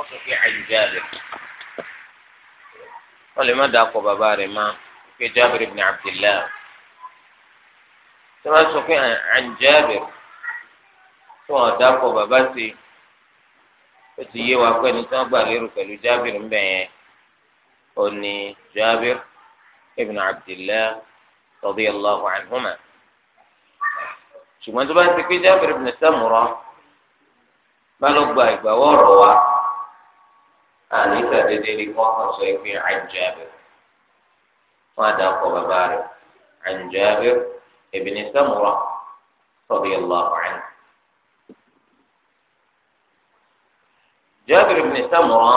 wọ́n sọ pé àyùjáde wọ́n lè má dà kọ bàbá rẹ̀ má pé jábìrì ibn abdillah tí wọ́n sọ pé àǹjáde tí wọ́n dà kọ bàbá sí ó ti yé wa pé ní tí wọ́n gbà lérò pẹ̀lú jábìrì ń bẹ̀ yẹn ó ní jábìrì ibn abdillah radiyallahu anhuma ṣùgbọ́n tó bá ti pé jábìrì ibn samura bá ló gba ìgbàwọ́ wa. àní sàdédé ni wọn kàn sọ pé àjàbẹ wọn àdá kọ bàbá rẹ àjàbẹ ibn Samura radiyallahu anhu. جابر بن سمرة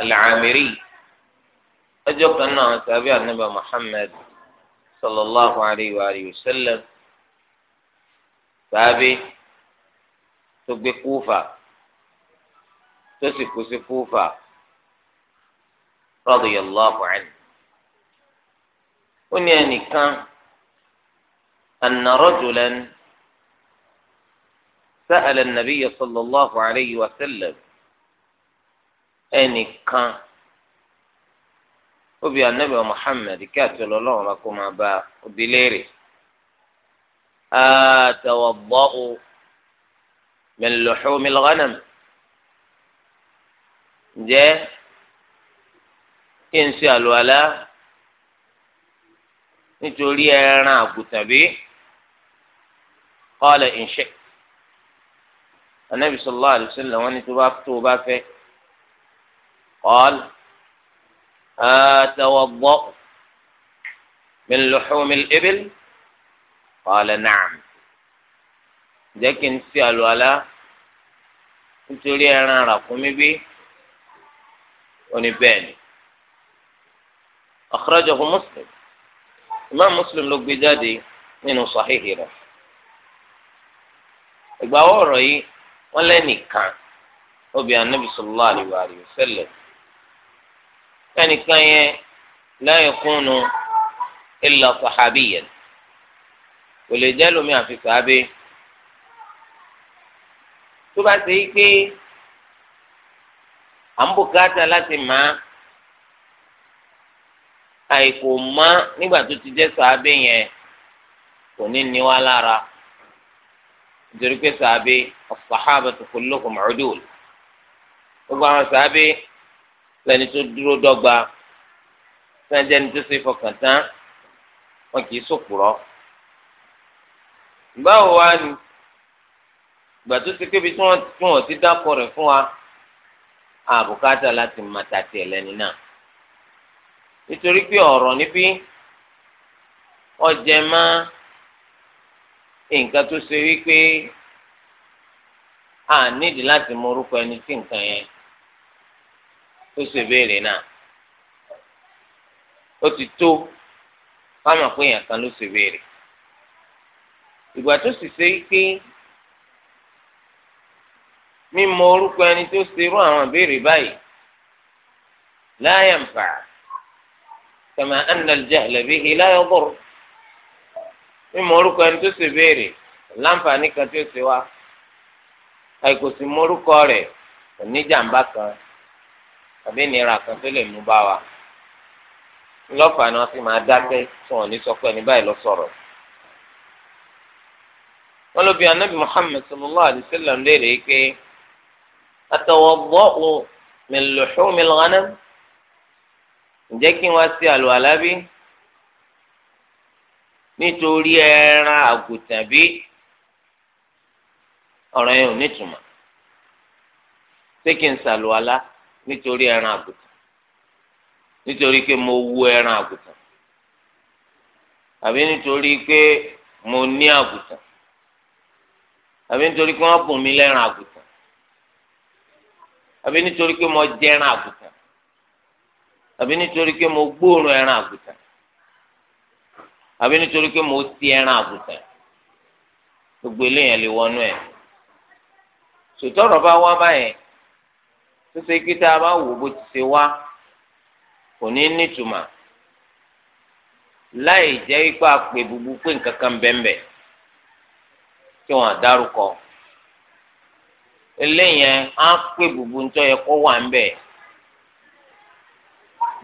العامري أجب أنه تابع النبي محمد صلى الله عليه وآله وسلم تابع تبقى كوفة tó sì kú sí kúfà radiyallahu anhu. ó ní ẹnìkan anna rajulan sa'ala an-nabiyya sallallahu alayhi wa sallam ẹnìkan obi anabi wa muhammed kí àti ọlọ́run bá kó máa bá obi léèrè àtàwọ̀ bọ́ọ̀ min luhumil ghanam. ǹjẹ́ kí n ṣe àlùwàlá nítorí ẹran àgùntàn bí kọ́lẹ̀ ìṣe shi'ta anabi sallallahu alaihi wasallam wọn ni tó bá tó o bá fẹ́ qala atawadda'u min luhumil ibil kọ́lẹ̀ náà ǹjẹ́ kí n ṣe àlùwàlá nítorí ẹran ràkúnmí bí. oní bẹ́ẹ̀ ni akhrajahu muslim imam muslim ló gbé jáde nínú sahihi rẹ̀ ìgbà ọ̀rọ̀ yìí wọ́n lẹ́nìkan obìnrin anabi sallallahu alayhi wa sallam ẹnìkan yẹn la yakunu illa sahabiyan kò lè jẹ́ lómi àfi sàábé tó bá ṣe é pé à ń bùkátà láti mọ̀ á àìkò mọ̀ nígbà tó ti jẹ́ sàábé yẹn kò ní ní wá lára nítorí pé sàábé as-sahabatu kulluhum udul gbogbo àwọn sàábé lẹni tó dúró dọ́gba sẹ́ńtẹ́ ni tó ṣe fọkàn tán wọn kì í sòkùrọ́ báwo wá ni ìgbà tó ti kébi tí wọ́n ti dákọ̀ rẹ̀ fún wa. àbùkátà láti máa ta ẹlẹni náà nítorí pé ọ̀rọ̀ níbí ọjẹ́ má nǹkan tó ṣe wípé a nídìí láti mọ orúkọ ẹni tí nǹkan yẹn tó ṣe béèrè náà ó ti tó fáwọn àpéyàn kan ló ṣe béèrè ìgbà tó sì ṣe mímọ orúkọ ẹni tó ṣerú àwọn ìbéèrè báyìí láyàn fà kama anna al-jahla bihi la yadur mímọ orúkọ ẹni tó ṣe béèrè láǹfààní kan tó ṣe wá àìkòsí mórúkọ rẹ̀ oníjàmbá kan àbí ìnira kan tó lè mú bá wa lọ́fàá sì máa dákẹ́ tí wọ́n sọ pé ẹni báyìí lọ sọ̀rọ̀ wọn lóbi anabi muhammed sallallahu alayhi wa sallam léèrè pé atawaddu min luhumil ghanam ǹjẹ́ kí wọ́n ṣe àlùwàlá bí nítorí ẹran àgùntàn bí ọ̀rọ̀ yẹn ò nítumọ̀ ṣé kí n ṣàlùwàlá nítorí ẹran àgùntàn nítorí pé mo wú ẹran àgùntàn àbí nítorí pé mo ní àgùntàn àbí nítorí pé wọ́n bùn mí lẹ́ran àgùntàn àbí nítorí pé mo jẹ ẹran àgùntàn àbí nítorí pé mo gbóòórùn ẹran àgùntàn àbí nítorí pé mo ti ẹran àgùntàn gbogbo eléyàn lè wọnú ẹ sòtọrọ bá wá báyẹn tó ṣe pé tá a bá wò bó ti ṣe wá kò ní nítumọ̀ láì jẹ́ ipá pé gbogbo pé nǹkan kan bẹ́ẹ̀ bẹ́ẹ̀ tí wọ́n á dárúkọ eléyẹn á pè bùbù ńtọ́ yẹ kó wà ńbẹ̀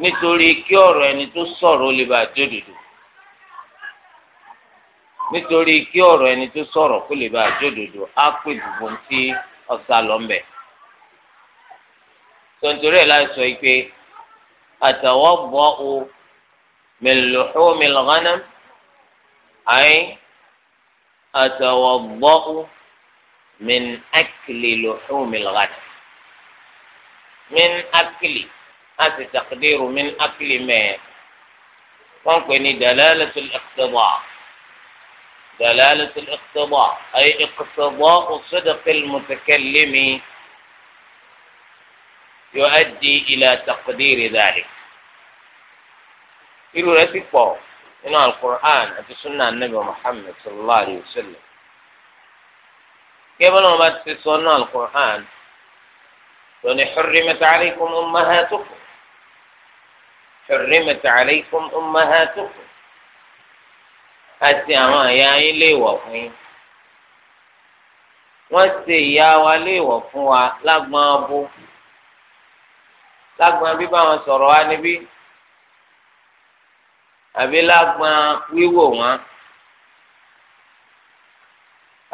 nítorí kí ọ̀rọ̀ ẹni tó sọ̀rọ̀ lè bá jódodo nítorí kí ọ̀rọ̀ ẹni tó sọ̀rọ̀ kó lè bá jódodo á pè bùbù ntí ọ̀sà lọ́nbẹ̀ tontorí ẹ̀ láti sọ yìí pé àtàwọ̀ bọ́ o mẹlòó mẹlòó àyìn àtàwọ̀ bọ́ o. من أكل لحوم الغنم من أكل هذا تقدير من أكل ما ممكن دلالة الاقتضاء دلالة الاقتضاء أي اقتضاء صدق المتكلم يؤدي إلى تقدير ذلك إلو رتبه من القرآن سنة النبي محمد صلى الله عليه وسلم كيف لو ما تسونا القرآن لأن حرمت عليكم أمهاتكم حرمت عليكم أمهاتكم أتي أما يا إلي وفين wọ́n ṣe ìyá wa léèwọ̀ fún wa lágbọ́n abó lágbọ́n bí báwọn sọ̀rọ̀ wa níbí àbí lágbọ́n wíwò wọn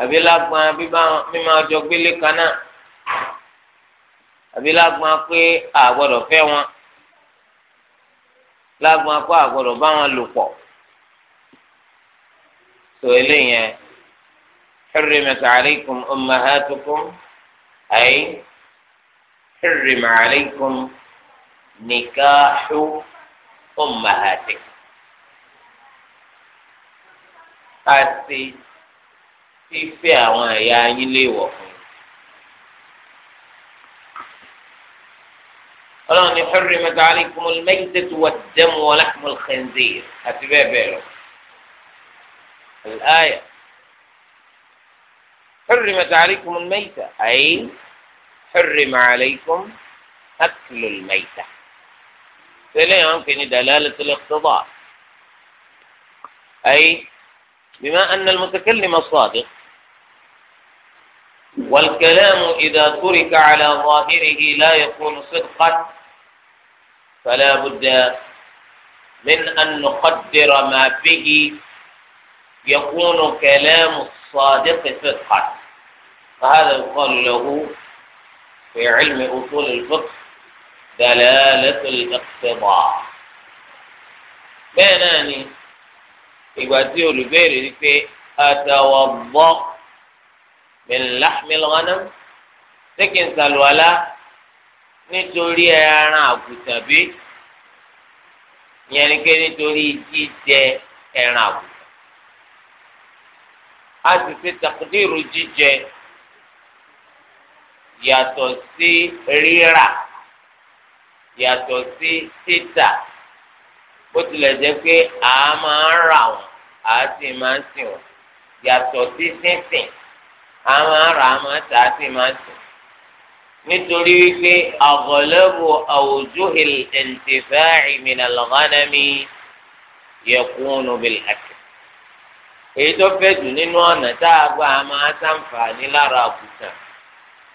àbí lágbọn bíbá mímọ ọjọ gbélé kan náà àbí lágbọn pé àgbọ́dọ̀ fẹ́ wọn lágbọn pé àgbọ́dọ̀ bá wọn lò pọ̀ tó eléyẹn hurrimat alaykum ummahatukum ay hurrima alaykum nikahu ummahatikum àti. fífẹ́ àwọn ẹ̀yà yín lè wọ̀ fún yín. ọlọ́run ní hurrimat alaykumul maytatu wad-damu wa lahmul khinzir àti bẹ́ẹ̀ bẹ́ẹ̀ lọ. ayé fẹ́rẹ́ mẹ́ta mẹ́ta الآية حرمت عليكم الميتة أي حرم عليكم أكل الميتة فليه يمكن دلالة الاقتضاء أي بما أن المتكلم الصادق والكلام إذا ترك على ظاهره لا يكون صدقا فلا بد من أن نقدر ما به يكون كلام الصادق صدقا فهذا يقال له في علم أصول الفقه دلالة الاقتضاء بيناني يبقى تيولي بيري أتوضأ min lahmil ghanam ṣé kí n ṣàlùwàlá nítorí ẹran àgùntàn bí yẹn ni pé nítorí jíjẹ ẹran àgùntàn a sì ṣe takdiru jíjẹ yàtọ̀ sí rírà yàtọ̀ sí títà bó tilẹ̀ jẹ́ pé a máa ń rà wọ́n a sì máa ń sìn wọ́n yàtọ̀ sí sínsìn àwọn ará máa tà á sì máa tì nítorí wípé aghlabu awjuhil intifa'i minal ghanami yakunu bil akl èyí tó fẹ́ jù nínú ọ̀nà tá a gbọ́ a máa ṣàǹfààní lára àkùtàn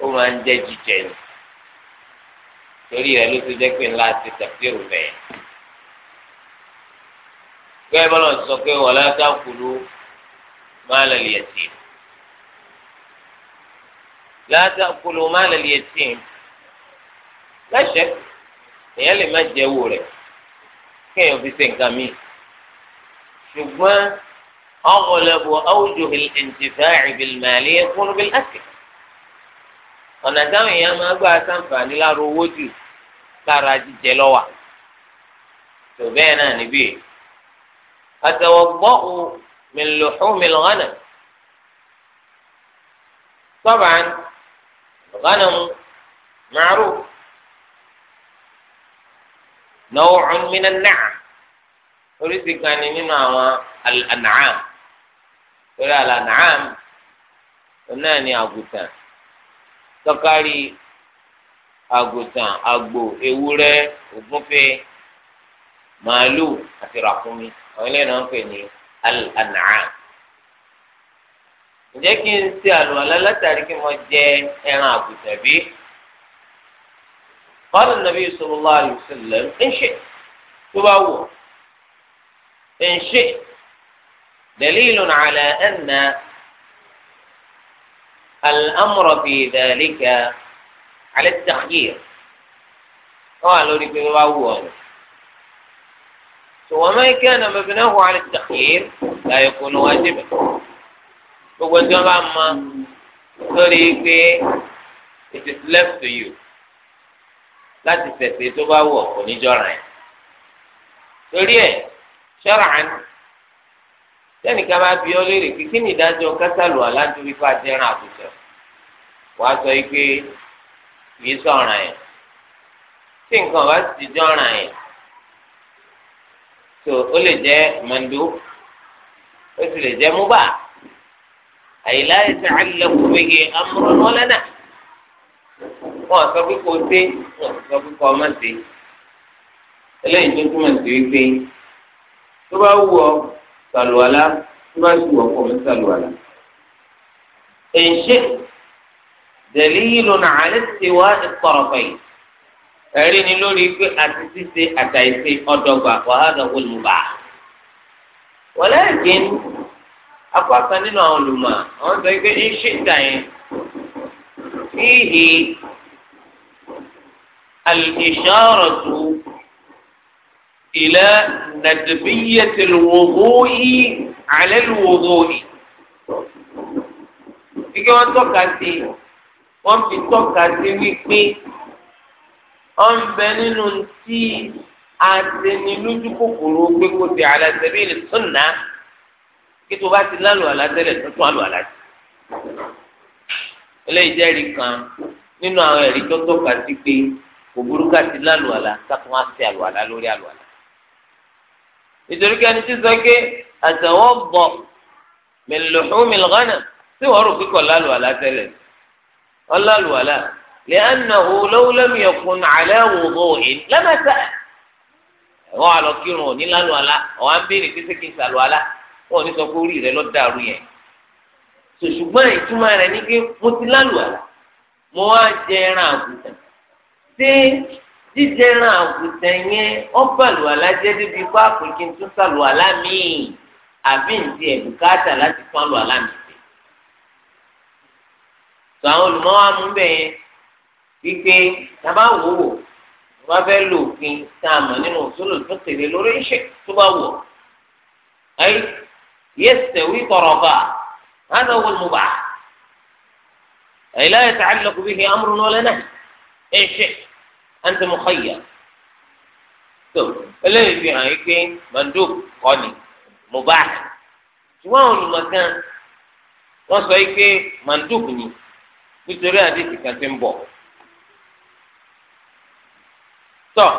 ó máa ń jẹ́ jíjẹ ni torí rẹ̀ ló ti jẹ́ pé ńlá ti tafsiru bẹ́ẹ̀. gbẹ́bọ́lọ̀ sọ pé wala taqulu malal yatim la ta'kulu mal al-yatim lẹ́sẹ̀ èèyàn lè má jẹ owó rẹ̀ kéèyàn fi ṣe nǹkan míì ṣùgbọ́n aghlabu awjuhi al-intifa'i bil-maliya yakunu bil-akl ọ̀nà táwọn èèyàn máa gbà sàǹfààní lára owó jù lára jíjẹ lọ́wà tó bẹ́ẹ̀ náà níbí atawadda'u min luhumil ghanam tọ́ba غنم معروف نوع من النعم oríṣi kan ni nínú àwọn al-an'am torí al-an'am náà ni àgùntàn tọ́kárí àgùntàn àgbò ewúrẹ́ ògúnfe màálù àti ràkúnmí àwọn ilé náà ń pè ní al-an'am. ǹjẹ́ kí n ṣe àlùwàlá látàrí kí mo jẹ ẹran àgùntàn bí? قال النبي صلى الله عليه وسلم إن شئت تباوع إن شئت دليل على أن الأمر في ذلك على التخيير قال لي تباوع وما كان مبناه على التخيير لا يكون واجبا gbogbo tí wọn bá mọ lórí pé it is left to you láti tẹ̀sẹ̀ tó bá wọ̀ kò ní jọra ẹ̀ torí ẹ̀ ṣọ́ra ẹ̀ sẹ́nìkan bá bí ọ léèrè pé kí ni ìdájọ́ kásálù aláǹtorí fún ajẹ́rán àbùsọ̀ wàá sọ yìí pé kì í sọ̀ràn ẹ̀ tí nǹkan bá ti jọ̀ràn ẹ̀ tó ó lè jẹ́ mọ̀ndó ó sì lè jẹ́ múbà àyè láyé tí a lè kú wéyé amúrò mọ́lẹ́nà wọn sọ pé kò dé wọn sọ pé kò má dé eléyìí tó túmọ̀ sí wípé tó bá wù ọ sàlùwàlá tó bá sì wù ọ kò ní sàlùwàlá. إن شئت دليل على استواء الطرفين ẹ̀rí ni lórí pé àti ṣíṣe àtàìṣe ọ̀dọ́gba wàhálà olùbà. wọ́n lẹ́yìn apá kan nínú àwọn olùmọ̀ àwọn sọ pé ń ṣèta yẹn fíhì al-isharatu ila nadbiyyati al-wudu'i ala al-wudu'i ike wọn tọ́ka sí wọn fi tọ́ka sí wípé wọn bẹ nínú ti ní kòkòrò gbé kó ti ala sabili sunna kí tó bá ti lálù àlátẹ́lẹ̀ tó tún àlù àlátẹ́. eléyìí jẹ́ ẹ̀rí kan nínú àwọn ẹ̀rí tó tọ́ka sí pé kò burú ká ti lálù àlá sátún á ti àlù àlá lórí àlù àlá. nítorí kí ẹni tí sọ pé àtẹ̀wọ́ bọ̀ mẹlẹ́lọ́hún mẹlẹ́gánà tí wọ́n rò pé lálù àlá wọ́n lálù àlá lẹ́ẹ̀nàwó lọ́wọ́lẹ́mì àlẹ́ wòwò ìn lẹ́mẹ̀sẹ̀ wọ́n wọn ò ní sọ pé orí rẹ lọ dàrú yẹn ṣùṣùgbọ́n ìtumọ̀ rẹ̀ ní pé mo ti lálùwàlà mo wá jẹ ẹran àgùntàn ṣé jíjẹ ẹran àgùntàn yẹn ọba lùwàlà jẹ́ débi kó àpèkí tún sàlùwàlà míì àbí ǹdí ẹ̀bùkátà láti fún àlùwàlà mi sí. sọ àwọn olùmọ́wá mú bẹ́ẹ̀ wípé tábà wò wò wọ́n fẹ́ lò òfin tá a mọ̀ nínú òṣèlú tó tẹ̀lé lórí iṣẹ́ tó bá wọ̀ ẹ́ يستوي طرفا هذا هو المباح أي لا يتعلق به أمر ولا نهي أي شيء أنت مخير eléyìí fi hàn yí pé mandub kọ́ni mubah ṣùgbọ́n àwọn olùmọ̀kan wọ́n sọ yí pé mandub ni nítorí àdéhùn kan ti ń bọ̀. tọ́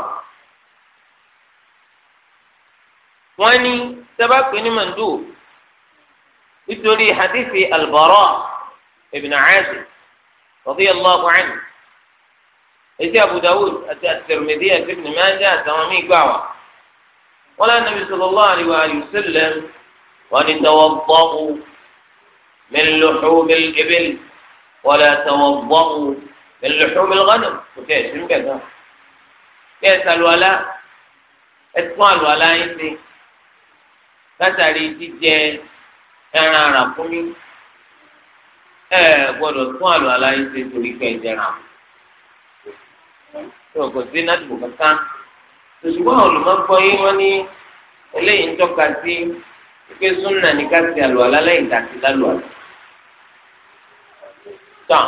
wọ́n ní sábà pé ní mandub نتولي حديث البراء ابن عازم رضي الله عنه إذا أبو داود الترمذي ابن ماجه سوامي قاوة قال النبي صلى الله عليه وآله وسلم وأن توضأوا من لحوم الإبل ولا توضأوا من لحوم الغنم وكيف من كذا كيف الولاء اطفال ولا يدي فتري تجيه ẹran àràkúnmí ẹ gbọ́dọ̀ tún àlọ aláyé ṣe torí pé ẹ jẹrà tó kò sí nádìbò kankan ṣùgbọ́n olùmọ̀gbọ́ yìí wọ́n ní eléyìí ń tọ́ka sí pé súnà ní ká ti àlọ alálẹ́ ìdásí lálọ́ àlọ́ tán.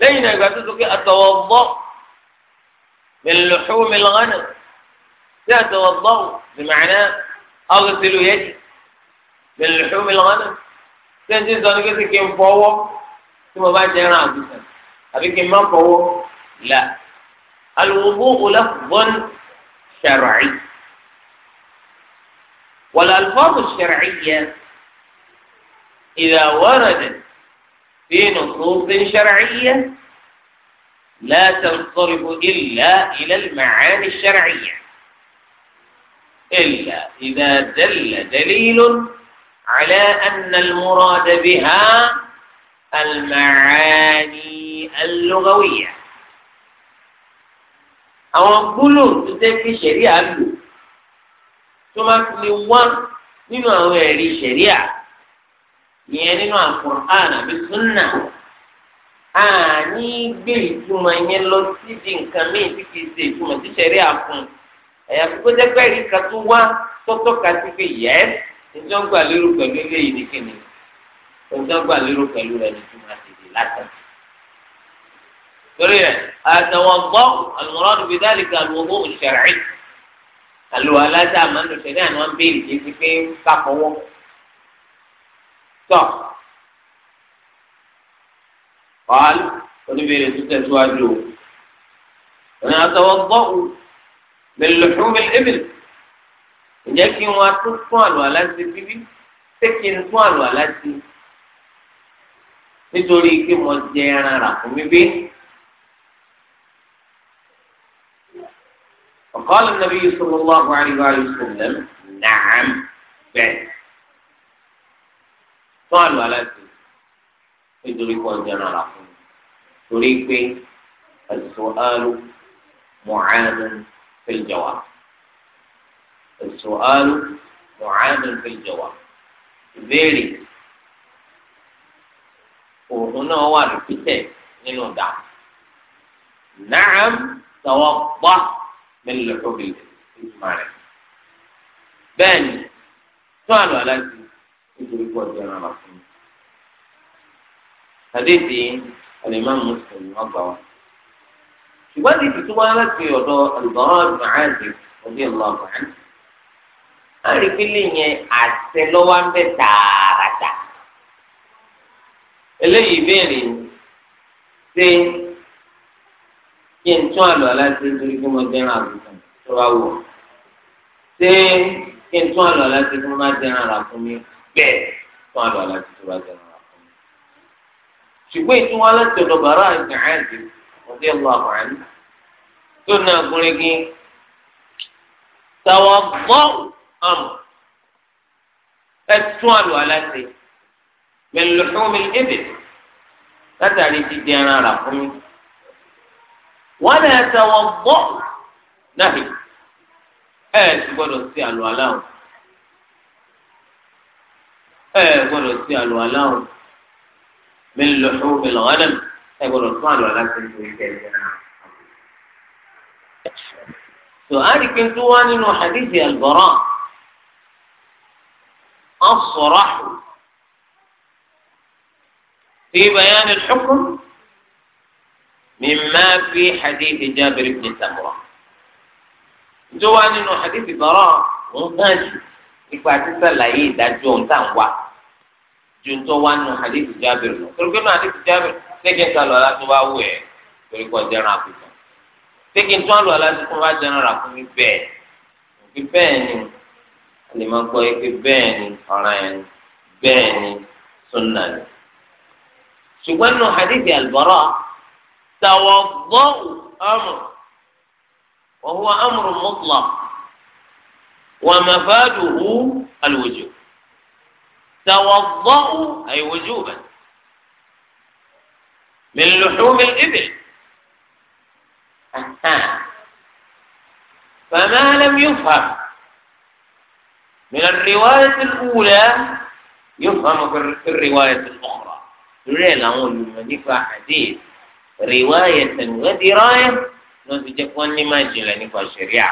lẹ́yìn náà ìgbà tó sọ pé àtọwọ́ bọ́ min luhumil ghanam. يتوضأ بمعنى أغسل يدي من لحوم الغنم تنزل زوجة كم فوق ثم بعد جرى عبدك أبي ما فوق لا الوضوء لفظ شرعي والألفاظ الشرعية إذا وردت في نصوص شرعية لا تنصرف إلا إلى المعاني الشرعية إلا إذا دل دليل على أن المراد بها المعاني اللغوية àwọn gbólóhùn tó jẹ́ kí ṣẹ̀ríà lò tó máa fi lè wá nínú àwọn ẹ̀rí ṣẹ̀ríà ìyẹn nínú Al-Qur'an àbí súnà àní gbé ìtumọ̀ yẹn lọ síbi nǹkan míì tí kìí ṣe ìtumọ̀ tí ṣẹ̀ríà fún un ẹ̀yà tó jẹ́ pé ẹ̀rí kan tó wá tọ́tọ́ ka sí pé yẹ́ ìjọ gbà lérò pẹ̀lú eléyìí ní kíni ìjọ gbà lérò pẹ̀lú rẹ̀ ní tí wọ́n ti di látàn. torí rẹ̀ àtàwọn gbọ́ àlùmọ́rán níbi dálìkà lówó òṣèré àlùwà aláṣà àmàlù ṣẹlẹ̀ àwọn béèrè yìí ti pé káfọwọ́. tọ́ ọ̀hán oníbèrè tó tẹ̀síwájú o. من لحوم الإبل ǹjẹ́ kí wọ́n tún tún àlùwàlá ṣe bíbí ṣé kí n tún àlùwàlá ṣe nítorí pé mo jẹ ẹran rà fún mi bí. وقال النبي صلى الله عليه وآله وسلم نعم بل tún àlùwàlá ṣe nítorí pé mo jẹ ẹran rà fún mi torí pé السؤال معان في الجواب السؤال معامل في الجواب ذيلي وهنا هو الكتاب نعم، من ودع نعم توضع من لحوب الإسماعيل بني سؤال على الإسماعيل هذه الإمام مسلم رضي الله ìwádìí ti tún wá láti ọ̀dọ̀ ndọrọ ìmọ̀ràn ọ̀bí ọlọ́ọ̀bà á rí anyị. yẹn àṣẹ lọ́wọ́ ń bẹ tààràtà eléyìí béèrè ṣé kí n tún àlọ́ aláṣẹ torí kí mo dẹ́ràn àbùkàn tó bá wù ọ́ ṣé kí n tún àlọ́ aláṣẹ kí má dẹ́ràn fún mi bẹ́ẹ̀ tún àlọ́ aláṣẹ tó bá dẹ́ràn fún mi. ṣùgbọ́n tó na kí tàwọn gbọ́ọ̀ àmọ̀ ẹ tún àlọ́ aláṣẹ mẹlẹ́lọ́fọ́mi ẹ̀bẹ̀ látàrí dídí ẹran ara fún mi wọ́n lè tàwọn gbọ́ọ̀ náà ẹ ẹ ti gbọ́dọ̀ sí àlọ́ aláwọ̀ ẹ ẹ gbọ́dọ̀ sí àlọ́ aláwọ̀ mẹlẹ́lọ́fọ́mi lọ́wọ́ náà ẹ gbọ́dọ̀ tún àlọ́ aláṣẹ ìgbésẹ̀ ìgbésẹ̀ náà. tó a rí pé tó wá nínú hadithi al-Bara as-sarah fi bayan al-hukm mimma fi hadithi Jabir ibn Samurah tó wá nínú hadithi Bara òun náà jù ipa títà láyé ìdájọ́ òun tá à ń wà ju tó wá nínú hadithi Jabir lọ torí pé nínú hadithi Jabir ṣé kí n ta lọ́la tó bá wù ẹ́ torí kọ́ jẹ́rán àbùkù pé kí n tún àlọ́ aláṣẹ́kùn wá jẹun rà fún mi bẹ́ẹ̀ òbí bẹ́ẹ̀ ni a lè máa gbọ́ pé bẹ́ẹ̀ ni ọ̀ràn yẹn bẹ́ẹ̀ ni sunna ni. ṣùgbọ́n nínú hadithi albara tawadọ́ amr wa huwa amr mutlaq wa mafaduhu alwujub tawadọ́ ay wujuban min luhum al-ibil. فما لم يفهم من الرواية الأولى يفهم في الرواية الأخرى لولا لهم نفع حديث رواية ودراية lọ́n ti jẹ́ kí wọ́n ní máa jìnlẹ̀ nípa ṣẹ̀ríà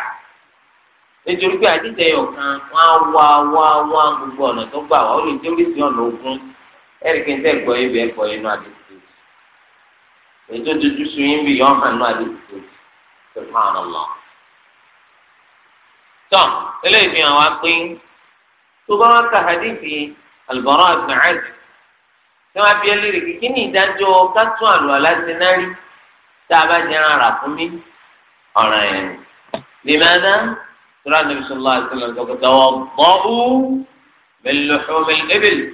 nítorí pé àdìsẹ́ yọ̀kan wọ́n á wá wá wá gbogbo ọ̀nà tó gbà wá ó lè jẹ́ oríṣi ọ̀nà ogun ẹ̀ríkì tẹ́ gbọ́ ibẹ̀ ẹ̀kọ́ inú àdìsẹ́ ètò tuntun sùn yín bí yọ̀ọ́ hàn ní àdìsẹ́ subhan allah tán eléyìí fi hàn wá pé tó bá wọn ka hadithi albara ibn adi tí wọn fi ẹlẹ́rì kìkì ní ìdájọ́ kátó àlọ́ aláṣẹ náà rí tá a bá jẹ́ ara fún mi ọ̀rọ̀ ọ̀ràn yẹn lèmọ́dá sọ́ra nàbí sọ́lá àṣìlẹ̀ ọ̀dọ́kọ̀tà wọn bọ́ bọ́ọ̀bù mẹlẹ́lẹ́fọ́ mẹlẹ́lẹ́bẹ̀lẹ́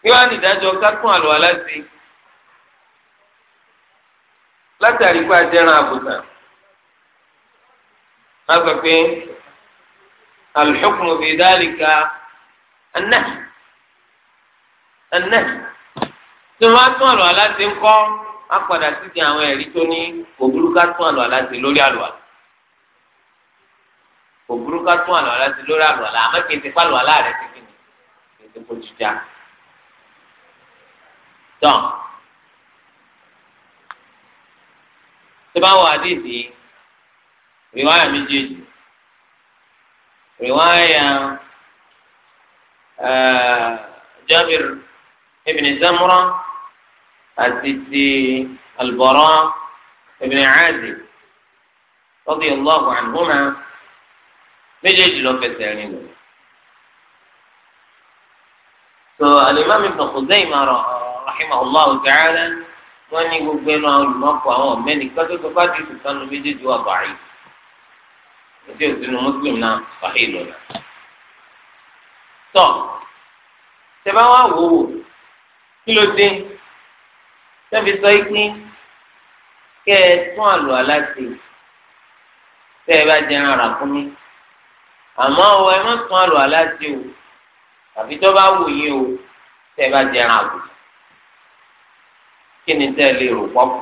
kí wọ́n ní ìdájọ́ kátó àlọ́ aláṣẹ látàrí pé ajẹ́ran àbùtàn a sọ pé alḥukmu fi dálìka ẹnẹ ẹnẹ tí wọ́n á tún àlọ́ aláṣẹ ń kọ́ á padà sí di àwọn ẹ̀rí tó ní òbúrú ká tún àlọ́ aláṣẹ lórí àlọ́ àlọ́ òbúrú tún àlọ́ aláṣẹ lórí àlọ́ àlọ́ àmọ́ kì í ti pálọ̀ aláàrẹ̀ ti kìnnì kì í ti kó tí bá wà dídì rìwáyà méjèèjì rìwáyà Jabir ibn Zamra àti ti Al-Bara ibn Azib radiyallahu anhuma méjèèjì ló fẹsẹ̀ rìn lọ. So al-Imam Ibn Khuzaimah rahimahullahu ta'ala. wọn ní gbogbo ẹnu àwọn olùmọ̀kọ àwọn ọ̀mẹ́ni kátó sọ fún àdìsí sanu méjèèjì wà báyìí ètò ìsinú muslim náà fàáyé lọ́la. tọ́ tẹ̀bá wá wò wò kí ló dé tẹ́bi sọ ikú kẹ́ ẹ tún àlọ́ aláṣẹ tẹ́ ẹ bá jẹran ara fún mi àmọ́ ọ ẹ má tún àlọ́ aláṣẹ o àfi tó bá wù o tẹ́ ẹ bá jẹran àgùntàn. kí ni tẹ́ ẹ lè rò pọ́pù.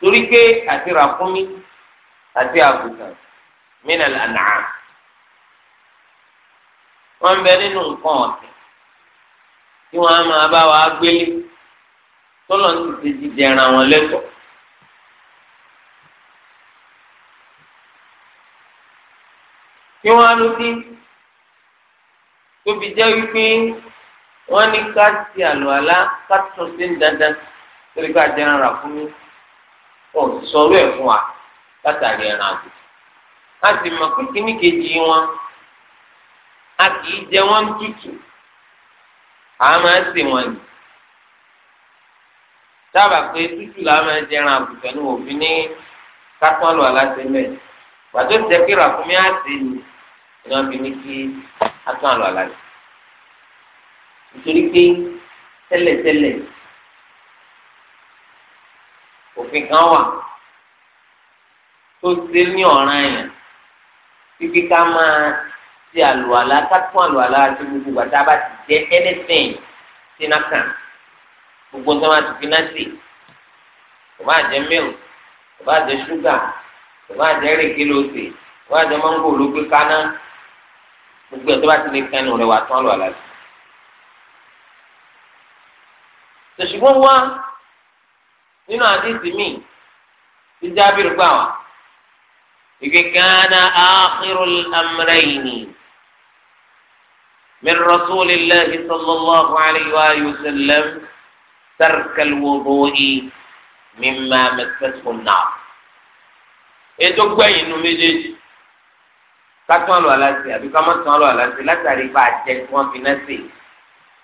torí pé àti ràkúnmí àti àgùntàn mínà lànà wọ́n bẹ nínú nǹkan ọ̀sìn tí wọ́n á máa bá wa gbélé tọ́lọ̀ ń ti ti dẹran wọn lẹ́tọ̀ọ́. tí wọ́n á lò sí tóbi jẹ́ wípé. wọ́n ní ká ti àlùhàlà ká tún sí dandan torí ká jẹran rà fún mi ò sọ̀rọ̀ ẹ̀ fún wa látàrí ẹran àgbò a sì mọ̀ pé kíní kejì wọn a kì í jẹ wọn tútù a máa sè wọn ni dábàá pé tútù la máa jẹran àgùntàn ní òfin ní kápọ́n àlùhàlà ṣe mẹ́rin pàtó jẹ́ rà fún mi á sè ni ìnáwó fi kí á tún àlùhàlà ṣe nítorí pé tẹ́lẹ̀tẹ́lẹ̀ òfin kan wà tó ṣe ní ọ̀ràn yẹn pípí ká máa ṣe àlùwàlá ká tún àlùwàlá àti gbogbo gbàtà bá ti jẹ́ anything sínú kan gbogbo tó máa ti fi náà sí kò bá jẹ́ milk kò bá jẹ́ ṣúgà kò bá jẹ́ èrèké lóṣè kò bá jẹ́ mọ́ngò ló kaná gbogbo ẹ̀ tó bá ti lè kẹ́nu rẹ̀ wà tán àlùwàlá sí. tòṣùgbọ́n wá nínú àdìsí mi ti jábìrì gbà wá ìgbé kánà ákírùl amrẹ́yìnì min rasulillahi sallallahu alayhi wa sallam tarkal wudu'i mimma massathu an-nar ètò gbẹ̀yìn nu méjèèjì ká tún àlọ́ àlàsì àbí ká má tún àlọ́ àlàsì látàrí bá a jẹ kí wọ́n fi náà sèé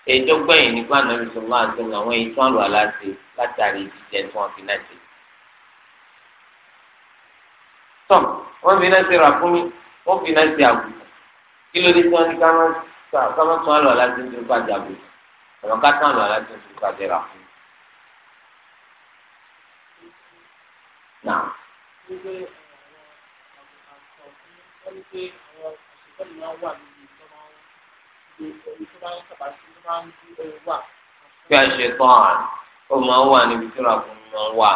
ètò gbẹ̀yìn nípa ànábì sọ̀rọ̀ àti àwọn èyí tó ń lò aláṣẹ látàrí jíjẹ tí wọ́n fi náà ṣe. tọ́ wọ́n fi náà ṣe rà fún mi wọ́n fi náà ṣe àbùkù kí ló dé tí wọ́n ní ká má tún àlọ́ aláṣẹ tó bá jà bò àwọn ká tún àlọ́ aláṣẹ tó bá jẹ rà náà kí a ṣe tán à ó máa ń wà níbi tí ràkùn máa ń wà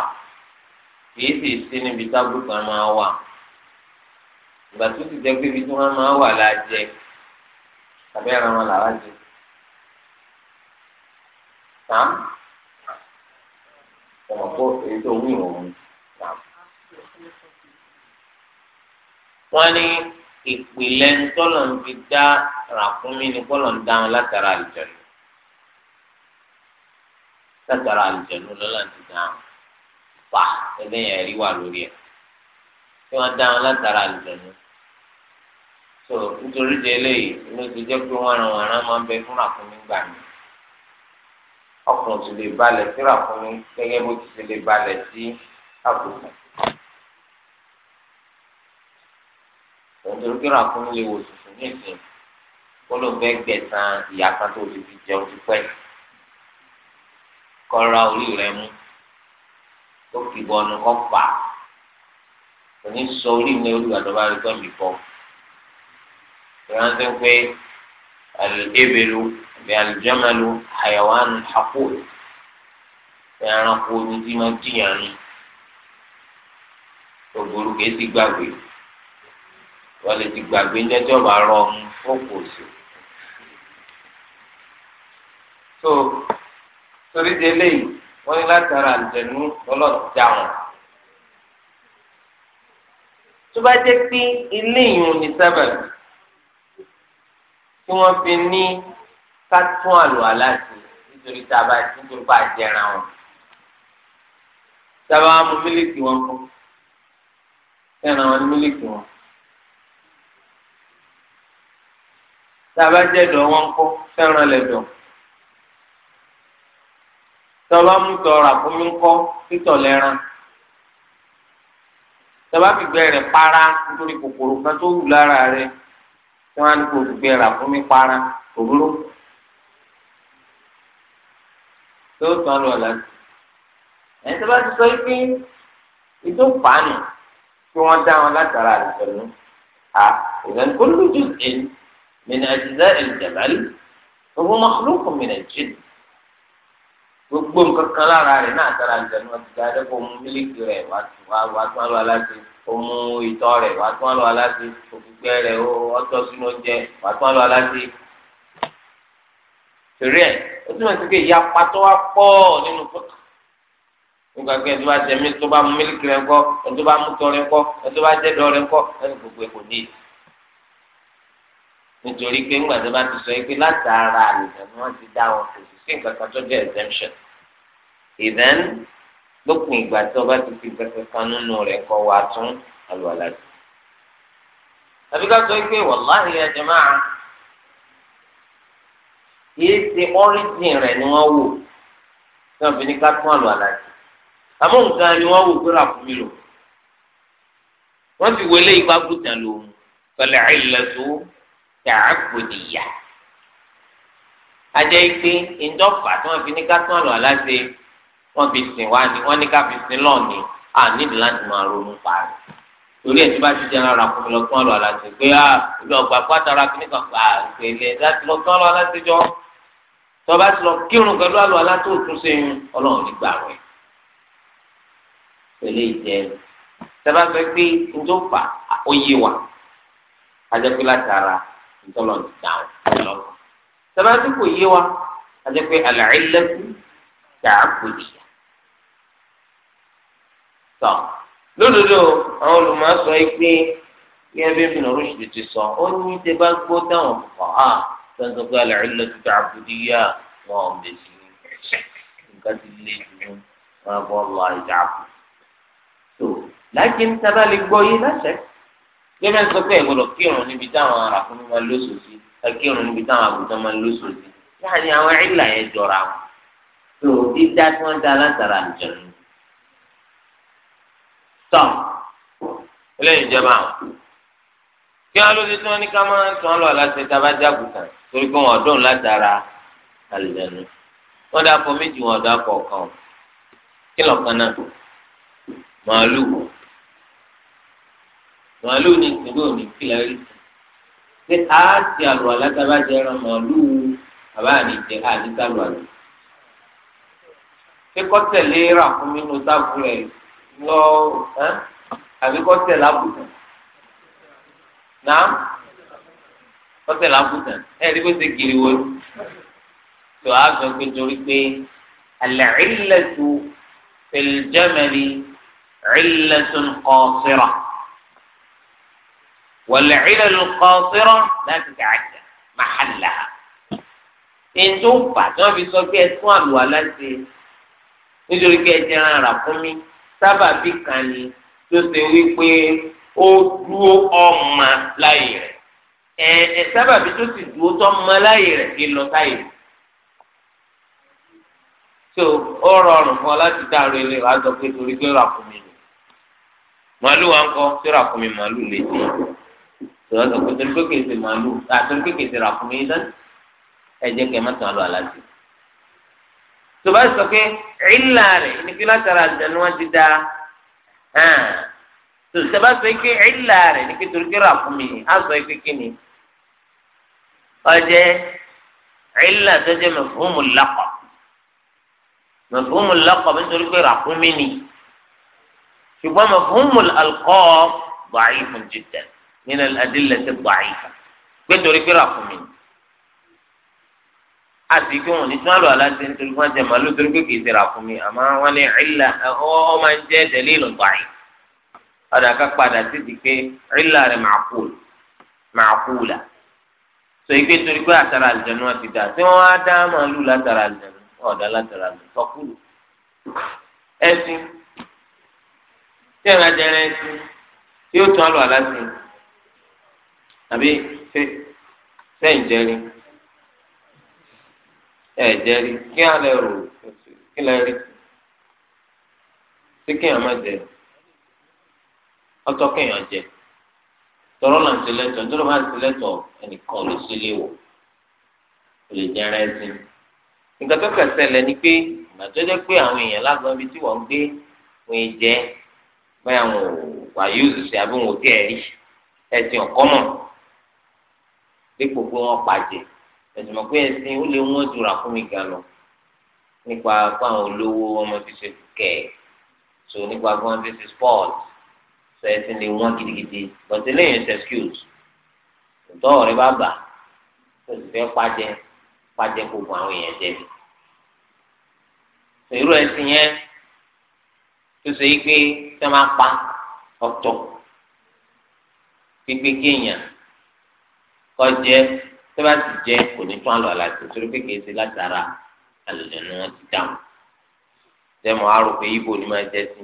kìí sì sí níbi tábùkà máa wà ìgbà tó ti jẹ́ pé ibi tí wọ́n máa wà la jẹ tàbí ara wọn làwa jẹ tán ọmọ kó èyí tó ń wí òun tán. wọ́n ní ìpìlẹ̀ ńtọ́lọ̀ ń fi dá ràkúnmí ni kọ́lọ̀ ń dáhùn látara àlùjẹ̀nu látara àlùjẹ̀nu lọ́la ti dáhùn pa ẹlẹ́yìn ẹ̀rí wà lórí ẹ̀ tí wọ́n dáhùn látara àlùjẹ̀nu tó nítorí di eléyìí ló ti jẹ́ pé wọ́n ran wọ́n máa ń bẹ fún ràkúnmí gbà mí ọkùnrin ti lè balẹ̀ sí ràkúnmí gẹ́gẹ́ bó ti ṣe lè balẹ̀ sí àbùkù. nítorí pé ràkúnmí lè wò sùsù nísìnyí kó ló ń fẹ́ gbẹ̀sán ìyá kan tó ti fi jẹun ti pẹ́ kọ́ra orí rẹ mú tó fi bọnu kọ́ fà kò ní sọ orí mi olùwàdọ́bà rẹ tó ń bì fọ́ ìrántí pé alìkébèlú àbí alìjọ́mẹ́lú àyẹ̀wánu àpòl ẹranko omi tí wọ́n jìyàn ní ògbóró kìí gbàgbé wọ́n lè ti gbàgbé jẹ́jọ́ bá rọ ọ̀hún fún kò sí. tó torí de eléyìí wọ́n ní látara àǹtẹ̀nú ọlọ́ọ̀dá wọn. tó bá jẹ́ pé ilé ìyún ni sábàbí tí wọ́n fi ní ká tún àlò aláṣẹ nítorí tá a bá nítorí bá a jẹra wọn. sábà wọn mú mílíkì wọn fún. kẹ́ran wọn ní mílíkì wọn. tàbá jẹ́ dọ̀ wọn kó fẹ́ràn lẹ̀ dọ̀ tọ́ba mú tọrọ àkómi ńkọ́ títọ̀ lẹ́ran tọ́ba fìgbẹ́ rẹ̀ para nítorí kòkòrò kan tó wù lára rẹ̀ tí wọ́n á ní kó fìgbẹ́ rẹ̀ àkómi para òwúrọ̀ tó tán lọ láti ẹni tọ́ba ti sọ pé ìtò fàánù tí wọ́n dá wọn látara àlùfẹ́ nù à ìgbà ní kó lójú من أجزاء الجمال وهو مخلوق من الجن gbogbo nǹkan kan lára rẹ̀ náà tara ìjẹnu ọtí dáadé kó mú mílíkì rẹ̀ wá tún àlọ aláṣẹ ó mú ìtọ̀ rẹ̀ wá tún àlọ aláṣẹ òkùnkẹ rẹ̀ ọtọ sínú oúnjẹ wá tún àlọ aláṣẹ. torí ẹ̀ ó túmọ̀ sí pé ìyá pátó wá pọ̀ nínú fótó nígbà pé ẹni tó bá jẹ mí tó bá mú mílíkì rẹ̀ ńkọ́ ẹni tó bá mú tọ̀ rẹ̀ ńkọ́ ẹni tó bá jẹ dọ̀ rẹ̀ ńkọ́ ẹni gbogbo ẹ̀ kò ní ìdí nítorí pé ńgbà tó bá ti sọ pé látara àlùfẹ́ ni wọ́n ti dá wọn kò sí nǹkan kan tó jẹ́ exemption ìdán lópin ìgbà tó bá ti fi kankan kan nínú rẹ̀ kọ́ wa tún àlùwàlá sí. àbí ká sọ pé wàláhì ya jàmáà kìí ṣe rẹ̀ ni wọ́n wò tí wọ́n fi ní ká tún àlùwàlá àmọ́ nǹkan ni wọ́n wò pé fún mi lò wọ́n ti wọlé ipa gùdàn lòun pẹ̀lẹ́ àìlẹ́sọ̀ọ́ tààbòdìyà ajẹ́ ikpe ìjọba tí wọ́n fi ní ká tún àlọ́ aláṣẹ wọ́n fi sìn wá ní wọ́n ní ká fi sìn lọ́ọ̀ ní à nídìí láti máa ronú parí torí ẹ̀ tí bá ti jẹun ara kún lọ tún àlọ́ aláṣẹ pé à ah, ìlú ọgbà pátara kìíní kan fà á ìpele láti lọ tún àlọ́ aláṣẹ jọ tọ́ba ti lọ kírun pẹ̀lú àlọ́ aláṣẹ òtún sẹ́yìn ọlọ́run ní gbà rẹ̀ pẹ̀lú ìjẹ́ tẹ́bá fẹ́ pé ìjọba òye wà ntọ́lọ̀ ti dáhùn lọ. sábàtì kò yé wa àti pé àlàyélẹ́sì tààkùjì. tọ́ lódodo àwọn olùmọ̀ọ́sọ yìí pé yẹn bí Ibn Rushd ti sọ ó ní tẹ bá gbọ́ dáhùn fọ́ á sọ́dọ̀ pé àlàyélẹ́sì tààkùjì yá wọn ò lè sí nǹkan ti lé jù wọn bọ́ lọ àìdàkù. tó láti ń sábà lè gbọ́ yé lásẹ̀kù kébẹ̀ ń sọ pé ìgbọ́dọ̀ kírun níbi táwọn àràfún máa ń lóṣù sí kírun níbi táwọn àgùntàn máa ń lóṣù sí láàrin àwọn ìlà yẹn jọra wọn tó dídá tí wọ́n dá látara àjọyìn. tọ́ eléyìí ìjọba kí wọ́n lóde tí wọ́n ní ká máa ń tán lọ láti tabajá àgùntàn torí pé wọ́n dùn látara àlùjẹ̀nu wọ́n dáa méjì wọ́n dáa fọ kí lọ́kàn náà màálù wọ̀ màálù ní ìsinmi òní kílẹ̀ rí sí ṣé a ti àlù alágbábájẹ ran màálù bàbá àníjẹ àníkàlù àlù ṣé kọ́tẹ̀lé rà fún mi nù sáfù rẹ̀ lọ àbí kọ́tẹ̀lé àbùtàn náà kọ́tẹ̀lé àbùtàn ẹ̀ẹ́dí bó ṣe kiri wọlé tó a sọ pé torí pé alẹ́ ìlẹ̀tù fil jamali ìlẹ̀tù kọ́sìrà. والعلل القاصرة لا تتعدى محلها ètò fà tí wọn fi sọ pé ẹtún àlùwàlá ṣe nítorí pé ẹtì ẹran rà fún mi sábà bí kan ni tó ṣe wípé ó dúró ọmọ láyè rẹ ẹ ẹ sábà bí tó sì dúró tọmọ láyè rẹ kí lọ táyè tó ó rọrùn fún ọ láti dárò ilé wa sọ pé torí pé rà fún mi ni màálù wa ń kọ sí rà fún mi màálù lè dé tòun sọ pé torí pé kìí ṣe màálù àtòrí pé kìí ṣe ràkúnmí dán ẹjẹ kẹ má tàn án lọ aláṣẹ. tó bá sọ pé ìlà rẹ̀ ní kí látara àjẹnú wọn ti da tó sọ bá sọ pé ìlà rẹ̀ ní kí torí pé ràkúnmí á sọ pé kí ni ọjẹ ìlà tó jẹ mẹfúnmù lakọ mẹfúnmù lakọ nítorí pé ràkúnmí ni ṣùgbọ́n mẹfúnmù alkọ́ bàáyé fún jìdẹ̀ nínú adílẹ̀ ti gbà yìí pé torí pé ràkúnmí àti kí wọn ní tí wọn lọ aláṣẹ nítorí wọn jẹ màálù torí pé kìí ṣe ràkúnmí àmọ́ wọn ní ìlà ọ máa ń jẹ tẹlẹ ìlú gbà yìí ọdọ aká padà sí ti pé ìlà rẹ màkúl màkúlà sọ ìgbé torí pé àtàrà àlùjẹnu àti dà tí wọn á dá màálù látara àlùjẹnu ọdà látara àlùjẹnu sọkúlù ẹsìn tí ìrìnàjẹrẹ ẹsìn tí tún àlọ aláṣẹ àbí sẹ́yìn jẹ́rí ẹ̀ jẹ́rí kí á lè rò kí lè rí sí kéèyàn má jẹ ọ̀tọ̀ kéèyàn jẹ tọrọ náà ti lẹtọ nítorí wọn ti lẹtọ ẹnìkan ò lè sílé wò ò lè jẹ ẹsìn nǹkan tó kẹsẹ̀ lẹ ni pé ìgbà tó jẹ́ pé àwọn èèyàn lágbọn ibi tí wọ́n ń gbé wọn jẹ báyà wọn ò wà yóò sì ṣe àbí wọn ò tí ẹ rí ẹsìn ọ̀kọ́ dípò pé wọ́n pàjẹ́ ẹ̀sùn mọ̀ pé ẹ̀sìn ó lè wọ́n jura fún mi gan lọ nípa fáwọn olówó ọmọ fi ṣe kẹ̀ so nípa fún wọn fi ṣe sport so ẹ̀sìn lè wọ́n gidigidi but eléyìí ṣe excuse ìtọ́ ọ̀rẹ́ bá bà tó sì fẹ́ pàjẹ́ pàjẹ́ gbogbo àwọn èèyàn jẹ́ mi so irú ẹ̀sìn yẹn tó ṣe yí pé sẹ́ máa pa ọ̀tọ̀ pípé kéèyàn kọjẹ tó bá ti jẹ kò ní tún àlọ́ àlàtì torí pé kìí ṣe látara àlùjọ ni wọ́n ti dáhùn tẹmọ àrò pé ibo ni máa jẹ sí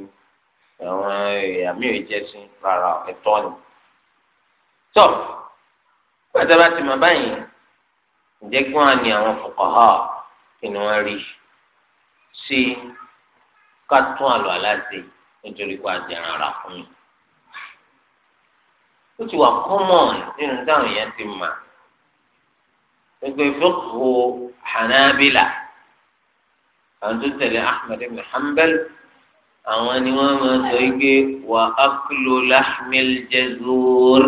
àwọn eh, àmì ò jẹ sí rárá ẹ̀tọ́ ni. tọ pàtó bá ti mọ báyìí ǹjẹ́ kí wọ́n á ní àwọn fuqaha kí ni wọ́n rí sí ká tún àlọ́ àlàtì nítorí pé àjẹrán ara fún mi ó ti wà kọ́mọ̀n nínú táwọn èèyàn ti mà gbogbo ìfọ́kù hanabila àwọn tó tẹ̀lé ahmed ibn hanbal àwọn ni wọ́n máa sọ ike wà akulu lahmil jazur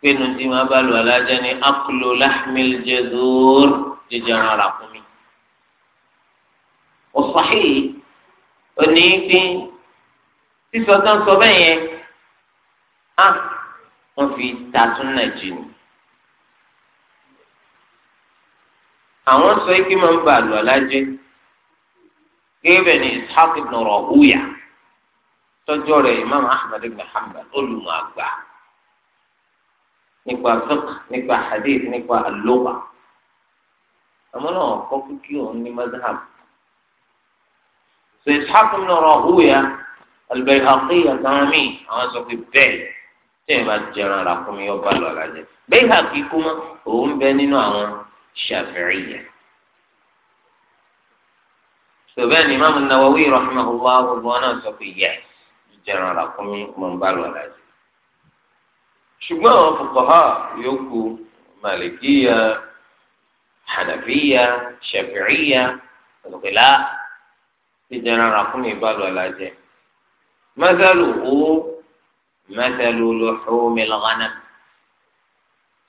pinnu tí wọ́n bá lu alájẹ ní akulu lahmil jazur jíjẹ ara rà fún mi. ọ̀sàhì oní pín sísọ tó ń sọ bẹ́ẹ̀ yẹn wọ́n fi ta súnà jì ní. àwọn sọ ike máa ń ba àlọ́ alájẹ gẹ́gẹ́ ní ishaq ibn rahuya tọ́jú rẹ̀ imam ahmed ibn hanbal olùmọ̀ àgbà nípa fiqh nípa hadith nípa al-lugha àmọ́ náà kọ́ kíkí òun ní mazhab. sọ ishaq ibn rahuya al-bayhaqi àtàwọn àwọn sọ pé bẹ́ẹ̀ tẹ́yìn bá jẹran ra fún mi yọ bá lọ lajẹ bẹ́ẹ̀ hà kí kú mọ́ òun bẹ nínú àwọn ṣàfẹ́rì yẹn. sọ̀bẹ́ ni imáàmù Nawawi rahimahullah gbogbo wọn náà sọ pé yẹ jẹran ra fún mi mọ̀ bá lọ lajẹ. ṣùgbọ́n àwọn fuqaha yòókù màlìkíyà hànàfíyà ṣàfẹ́rìyà ọ̀dọ̀kẹ́lá ti jẹran ra fún mi bá lọ lajẹ. mọ́sálù owó. مثل لحوم الغنم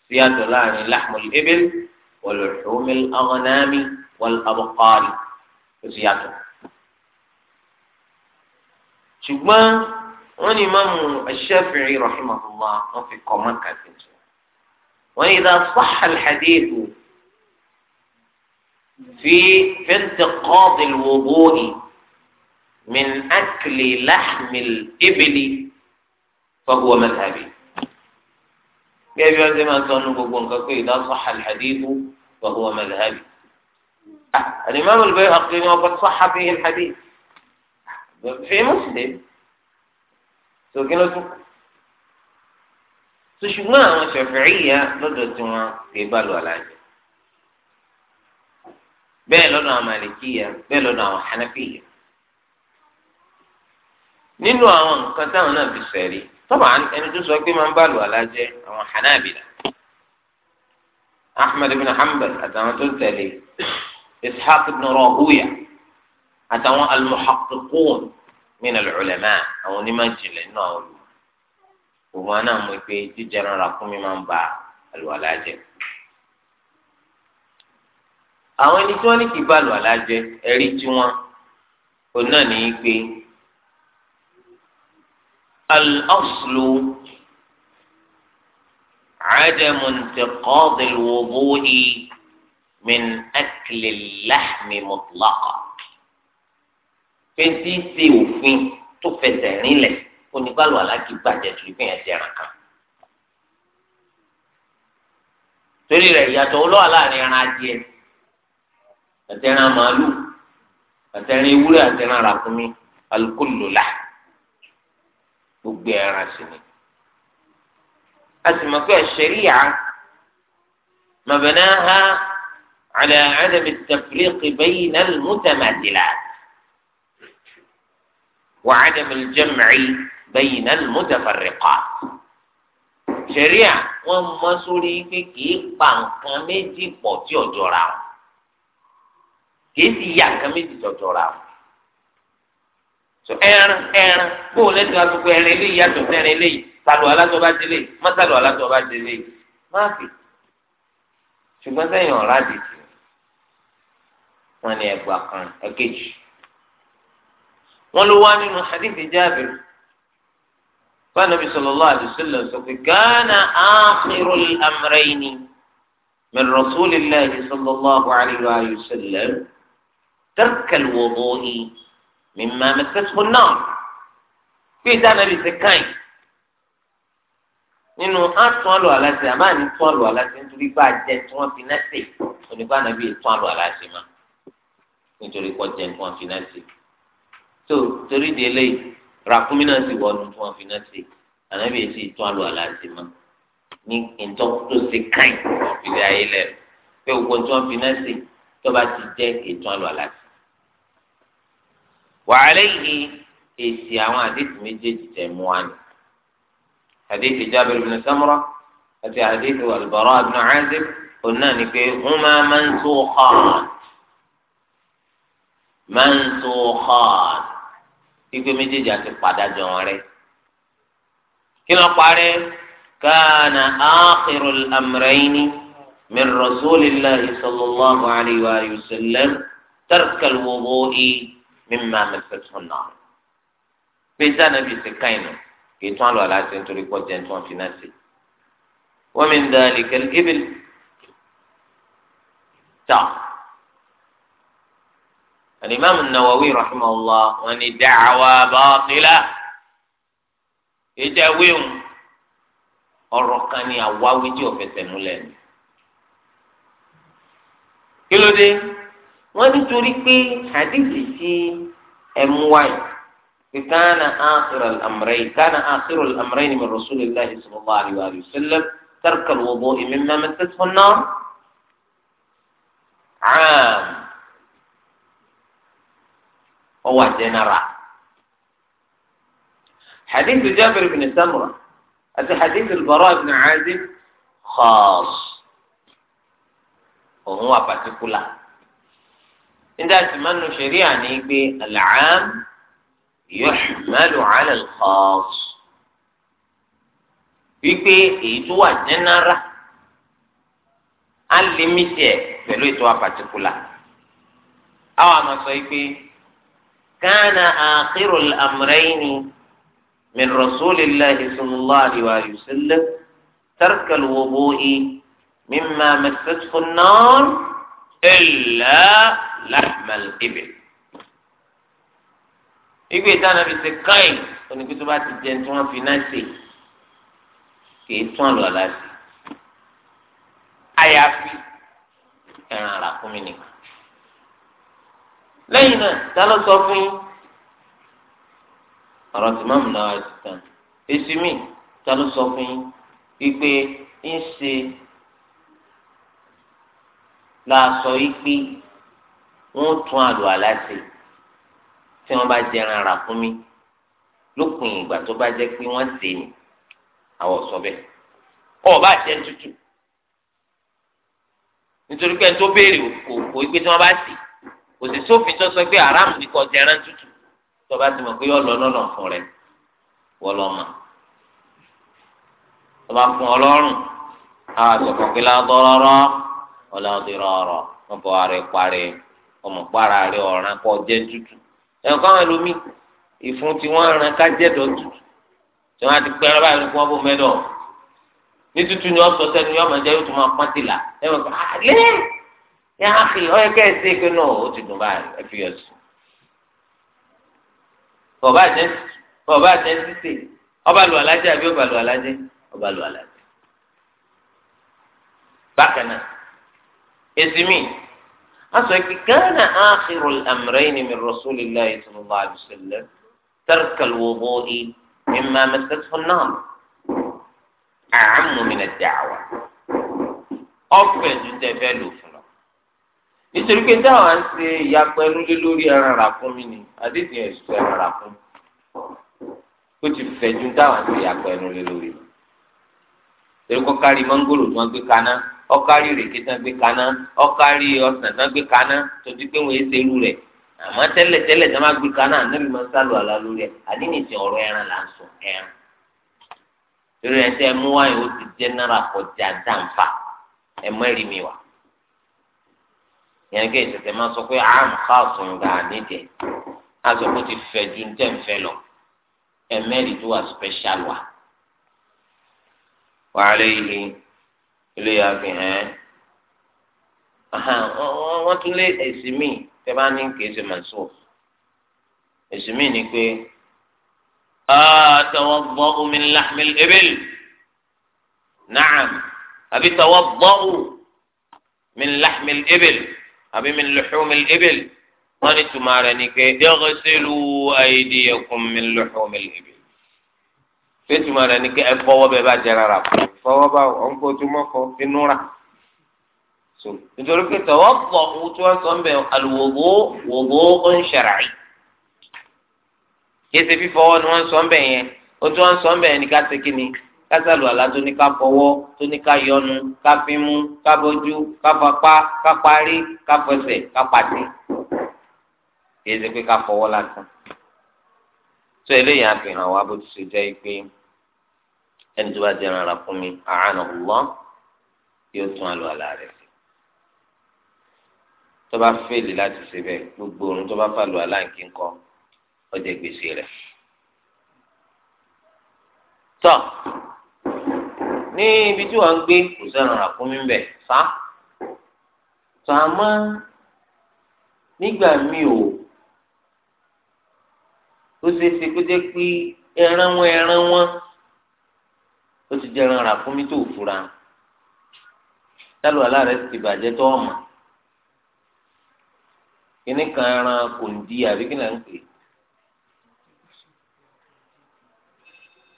سيادة لان يعني لحم الإبل ولحوم الأغنام والأبقار سيادة شبان وني إمام الشافعي رحمه الله وفي قومك وإذا صح الحديث في في انتقاض الوضوء من أكل لحم الإبل فهو مذهبي gẹ́gẹ́ bí wọ́n ti máa ń sọ nu gbogbo nǹkan pé idha sahha al-hadith fahuwa madhhabi. al-imam al-Bayhaqi ni wọ́n kọ́ sahha fihi al-hadith fi Muslim sókè lọ́tún. ṣùgbọ́n àwọn Shafi'iyya lọ́dọ̀ tí wọ́n kì í bá lọ àlàyé. bẹ́ẹ̀ lọ́dọ̀ àwọn Malikiyya bẹ́ẹ̀ lọ́dọ̀ àwọn Hanafiyya. nínú àwọn nǹkan táwọn náà fi sẹ́rí. sọ́mà ẹni tó sọ pé máa ń bá lu alájẹ àwọn hanabila ahmed ibn hanbal àtàwọn tó tẹ̀lé ishaq ibn rahuya àtàwọn almuhaqqiqun min al-ulama àwọn onímọ̀jìnlẹ̀ nínú àwọn olùmọ̀ òun àná mú pé jíjẹrán ràkúnmí máa ń ba àlùwàlá jẹ àwọn ẹni tí wọ́n ní kì bá àlùwàlá jẹ ẹ̀rí tí wọ́n òun ní í pé. الأصل عدم انتقاض الوضوء من أكل اللحم مطلقا fẹ́ntì ṣe òfin tó fẹsẹ̀ rinlẹ̀ onígbàlù aláàkì bàjẹ́ tó fi hàn jẹrán kan. torí rẹ̀ ìyàtọ̀ olówó láàrin ẹran adìẹ àtẹran màálù àtẹran ewúrẹ́ àtẹran ràkúnmí alukóló láàrin. gbogbo ẹran sì ni a sì mọ̀ pé ṣẹ̀ríyà mabnaha ala adam at-tafriq bayna al-mutamathilat wa adam al-jam'i bayna al-mutafarriqat ṣẹ̀ríyà wọ́n mọ sórí pé kìí pa nǹkan méjì pọ̀ tí ọ̀jọ̀ ra wọn kìí sì yà nǹkan méjì tọ̀jọ̀ ra o. so ẹran ẹran kó o lẹsìn àtúkọ ẹran eléyìí yàtọ̀ sẹrin eléyìí sàlù alátọ bá délé má sàlù alátọ bá délé má fi ṣùgbọ́n sẹ́yìn ọ̀rá dìtì wọn ni ẹgbà kan ẹkẹjì wọn ló wá nínú hadith Jabir fanabi sallallahu alayhi wa sallam sọ pé gánà akhirul amrayni min rasulillahi sallallahu alayhi wa sallam tarkal wudu'i mímá mẹsẹsọ náà bí ìdánábì ṣe káyìn nínú àtún àlọ aláṣẹ àbáàní tún àlọ aláṣẹ nítorí bá a jẹ tí wọn fi náà ṣe onígbànàbí tún àlọ aláṣẹ má nítorí kọ jẹ tí wọn fi náà ṣe tó torí di eléyìí ràkúnmí náà sì wọnú tí wọn fi náà ṣe ànábì èsì tún àlọ aláṣẹ má ní ìtọ́ tó ṣe káyìn wọn fi lé ayé lẹ pé òkú tí wọn fi náà tó bá ti jẹ ètò àlọ aláṣẹ. وعليه إتياما حديث مجد تيموان حديث جابر بن سمرة أتي حديث البراء بن عازب قلنا هما منسوخان منسوخان ikpe méjèèjì àti padàjọ wọn rẹ kí ló parí kánà áàkìrò amrẹ́yìnì min rasulillahi sallallahu alayhi wa sallam tarkal wudu'i. mímá mẹsẹ̀tún náà péjá nàbì ṣe káyìnà kì í tún àlọ́ aláṣẹ nítorí pọ́ jẹ́ tí wọ́n fi náà ṣe. wọ́n mi ń da àlìkẹ́lẹ́ gébèlè tà alimami nawawi rahimahullah wọ́n ní dàwa bàtìlá ìjà wíwù ọ̀rọ̀ kan ní àwáwí tí ò fẹsẹ̀ múlẹ̀ ni. kí ló dé? wọ́n nítorí pé hadithi tí ẹ̀mú wáyé كان آخر الأمرين كان آخر الأمرين من رسول الله صلى الله عليه وآله وسلم ترك الوضوء مما مسته النار عام هو جنرال حديث جابر بن سمرة هذا حديث البراء بن عازب خاص وهو باتيكولا níta sì máa ń lo ṣẹ̀ríà ní pé al-aam yuhmalu ala al-khaas wípé èyí tó wà jẹ́nára á lè mí tiẹ̀ pẹ̀lú ètò àpàtìkùlà àwọn àmọ́ sọ pé kana akhirul amrayni min rasulillahi sallallahu alayhi wa sallam tarkal wudu'i mimma massathu an illa lahmal ibil igbe táwọn fi ṣe káyìn onígbé tó bá ti jẹ tí wọn fi náà ṣe kìí tún àlọ aláṣẹ àyàfi ẹran àràkúnmí nìkan lẹ́yìn náà tá ló sọ fún yín ọ̀rọ̀ tí mọmù náà ti tàn èsì mi tá ló sọ fún yín wípé ń ṣe la sọ yìí pé wọn tún àlọ aláṣẹ tí wọn bá jẹran ara fún mi lópin ìgbà tó bá jẹ pé wọn sè ní àwọn sọ bẹ́ẹ̀ ọba jẹ tútù nítorí pé tó béèrè kò kò pé tí wọn bá sè kò sì sófin tó sọ pé aráàmù ni kò jẹran tútù tó bá ti mọ pé yọ lọ lọnà fún rẹ wọlọmọ tó bá fún Ọlọ́run àwọn àgbẹ̀fọ́ pé lágbọ́rọ́rọ́ ọlọ́dúnrún ọ̀rọ̀ wọn bọ̀ ara ìparí ọmọ para rẹ ọ̀ràn kọ́ jẹ́ tútù ẹ̀kọ́ àwọn ẹlòmíì ìfun tí wọ́n rán ká jẹ́ dọ̀tù tí wọ́n á ti pẹ́ rábàá ní kí wọ́n bó mẹ́dọ̀ ní tútù ni wọ́n sọ sẹ́nu yọ ọmọdé yóò tún máa pọ́n ti là ẹ̀ wọ́n kọ́ àlẹ́ ah, yà á fi ọ̀yẹ́ kẹ́ ẹ̀ sí pé náà ó ti dùn báyìí ẹ fi ọ̀sùn. bọ̀bá àjẹ́ bọ̀bá àjẹ́ ọba lu alájẹ àbí ọba lu alájẹ ọba lu alájẹ. bákan náà èsì mi aṣọ ìkíkánná àkìrò àmìrẹ́yìn mi rasulillahi sallallahu alaihi wasallam tarkal wudu'i mimma massathu an-nar a'ammu min ad-da'wa ọ̀fẹ́ ju tẹ̀fẹ́ lò fún lọ. nítorí pé dáhùn à ń ṣe ìyapẹ́ lórí lórí mi ni àdéhùn ẹ̀sùn ẹran rà fún mi ó ti fẹ́ ju dáhùn à ń ṣe ìyapẹ́ lórí lórí. torí kọ́ kárí tí wọ́n gbé kaná ọkari ìrèké tán gbé kaná ọkari ọsàn tán gbé kaná tọ́jú pé wọ́n ṣe irú rẹ̀ àmọ́ tẹ́lẹ̀ tẹ́lẹ̀ tán máa gbé kaná ànábì máa ń sálù àlá lórí ẹ̀ àdínìtì ọ̀rọ̀ ẹran là ń sọ ẹran torí ẹ̀ tẹ́ wáyé ó ti jẹ́ náírà kọjá dáǹfà ẹ mọ́ ẹ̀rí mi wá yẹn kí ìṣẹ̀ṣẹ̀ máa sọ pé àrùn káàsùn gbà nídìí á ti fẹ̀ ju tẹ́ ń lọ ẹ̀mẹ́rì tó wà special wa. wàhálà eléyà fi hàn án wọ́n tún lé èsì míì tẹ́ bá ní kìí ṣe màṣọ èsì míì ni pé tawadda'u min lahmil ibil na'am àbí tawadda'u min lahmil ibil àbí min luhumil ibil wọ́n ní tùmọ̀ rẹ̀ ni pé ighsilu aydiyakum min luhumil ibil pé tùmọ̀ rẹ̀ ni pé ẹ fọwọ́ bẹ́ẹ̀ bá jẹ́ rárá fún fọwọ́ bá ọ̀ ń kojú mọ́kọ inú rà so nítorí pé tọwọ́ pọ̀ ohun tí wọ́n sọ ń bẹ̀ alùwòbó wòbó ó ń ṣàràyè kéde fífọwọ́ ni wọ́n sọ ń bẹ̀ yẹn ó tí wọ́n sọ ń bẹ̀ yẹn ní ká ṣe kí ni ká sàlù àlá tó ní ká fọwọ́ tó ní ká yọnu ká fimú ká bójú ká fapá ká parí ká fẹsẹ̀ ká pàtì kéde pé ká fọwọ́ lásán tó eléyìí àfihàn wa bó ti ṣe jẹ́ pé ẹni tó bá jẹ ara fún mi àánà wọ yóò tún àlọ àlà rẹ̀ sí tó bá fèlè láti ṣe bẹ́ẹ̀ gbogbo òun tó bá fà lọ àlà nǹkan kọ ọjà gbèsè rẹ̀ tọ ní ibi tí wọ́n ń gbé kò sẹ́nu ara fún mi bẹ sá tọ àmọ́ nígbà míì o ó ṣeé ṣe kó jẹ́ pé ẹran wọn ẹran wọn ó ti jẹ́ rárá fún mi tó fura tálùwàlá rẹ̀ ti bàjẹ́ tó ọ̀mà kíní kan ẹran kò ní di àbí kíní à ń pè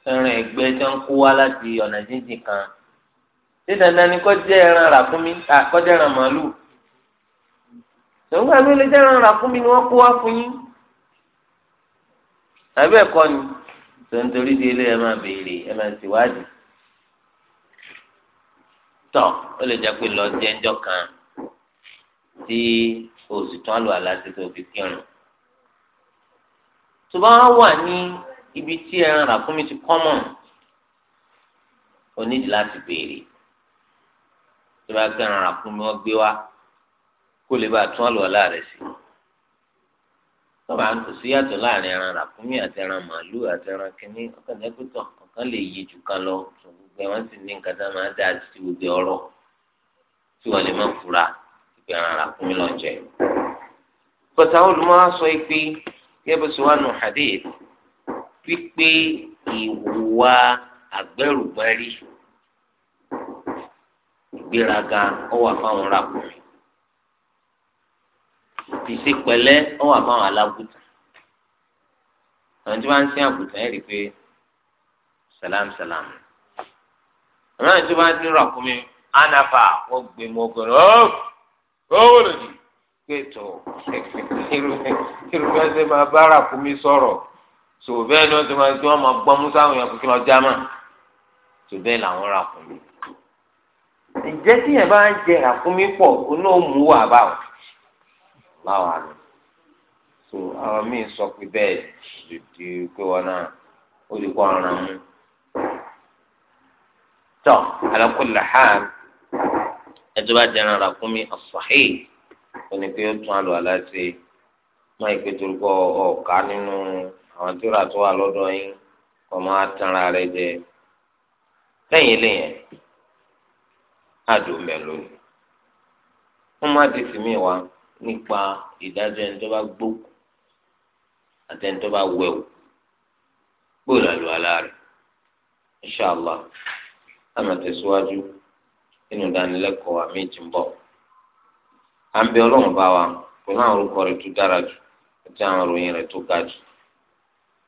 ẹran ẹgbẹ́ tí wọ́n kó wá láti ọ̀nà jíjìn kan ṣé dandan ni kó jẹ́ ẹran rà fún mi kó jẹ́ ẹran màálùú tòun àmì olè jẹ́ rárá fún mi ni wọ́n kó wá fún yín àbí ẹ̀kọ́ ni tòun torí di ilé ẹ máa béèrè ẹ máa ṣèwádìí tán ó lè jẹ́ pé lọ jẹ́ ńjọ́ kan tí oṣù tán lò aláṣẹ tó fi kírun tó bá wà ní ibi tí ẹran ràkúnmí ti kọ́mọ̀ o nídìí láti béèrè tó bá gbé ẹran ràkúnmí wọn gbé wá kó lè bá tún àlùwàlá rẹ̀ sí tó bá ń tò sí láàrin ẹran ràkúnmí àti ẹran màálù àti ẹran kìnní ọkàn ẹgbẹ́ tán wọ́n lè yí jù kan lọ gbogbo wọn sì ní nǹkan tá a máa dá sí gbogbo ọ̀rọ̀ tí wọ́n lè má fura ìpè ara fún mi lọ́jẹ́. bọ́tà olùmọ́ wa sọ pé kébùsùn wa nù hadith wípé ìwà àgbẹ̀rùgbẹ̀rì ìgbéraga ó wà fáwọn arákùnrin ìṣe pẹ̀lẹ́ ó wà fáwọn alágùtà àwọn tí wọ́n ń sin àgùtà ẹ̀ rí i pé salam salam àmọ́ ẹni tó bá ní ràkúnmí ànàfà ó gbé mọ́gàn ó owó lòdì pètò irúfẹ́ ṣe máa bá ràkúnmí sọ̀rọ̀ tò bẹ́ẹ̀ ni wọ́n ti máa gbé wọn máa gbọ́n musa àwọn èèyàn kékeré ọjà mà tò bẹ́ẹ̀ làwọn ràkúnmí. ǹjẹ́ tí yẹn bá ń jẹ ràkúnmí pọ̀ oná mú wà báwò láwọn àná tó àwọn míì sọ pé bẹ́ẹ̀ lòdì pé wọn náà ó lè kó ọ̀ràn mú tọ́ alákùnlé hàn ẹjọ́ bá jẹ́ ara fún mi ọ̀sọ̀hí òní pé ó tún àlọ́ aláṣẹ máa ìpè torúkọ ọ̀ọ́ká nínú àwọn tí ó rà tó wà lọ́dọ̀ yín kọ́ máa tanra rẹ jẹ lẹ́yìn eléyẹn àdùn mẹ́lò ni má di sinmi wa nípa ìdájọ́ ẹni tó bá gbó àti ẹni tó bá wẹ̀wò gbòòlà lu aláàrẹ̀ inṣàlá àmà tẹ̀síwájú nínú ìdánilẹ́kọ̀ọ́ àmì ìjìnbọ̀. à ń bẹ ọlọ́run bá wa pẹ̀lú àwọn orúkọ rẹ̀ tó dára jù àti àwọn ìròyìn rẹ̀ tó ga jù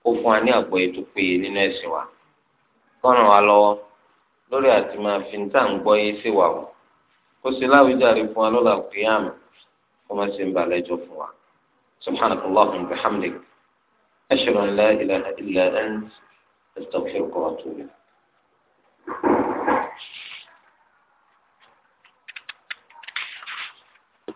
ó fún wa ní àgbọ́yé tó péye nínú ẹ̀sìn wa kọ́ràn wa lọ́wọ́ lórí àti máa fi ní tá à ń gbọ́ yé sí wa o kó sì láwùjáde fún wa lọ́la kìíyàmù kó má sì ń balẹ̀ jọ fún wa subhanaka allahumma wa bihamdik ashhadu la ilaha illa ant astaghfiruka wa atubu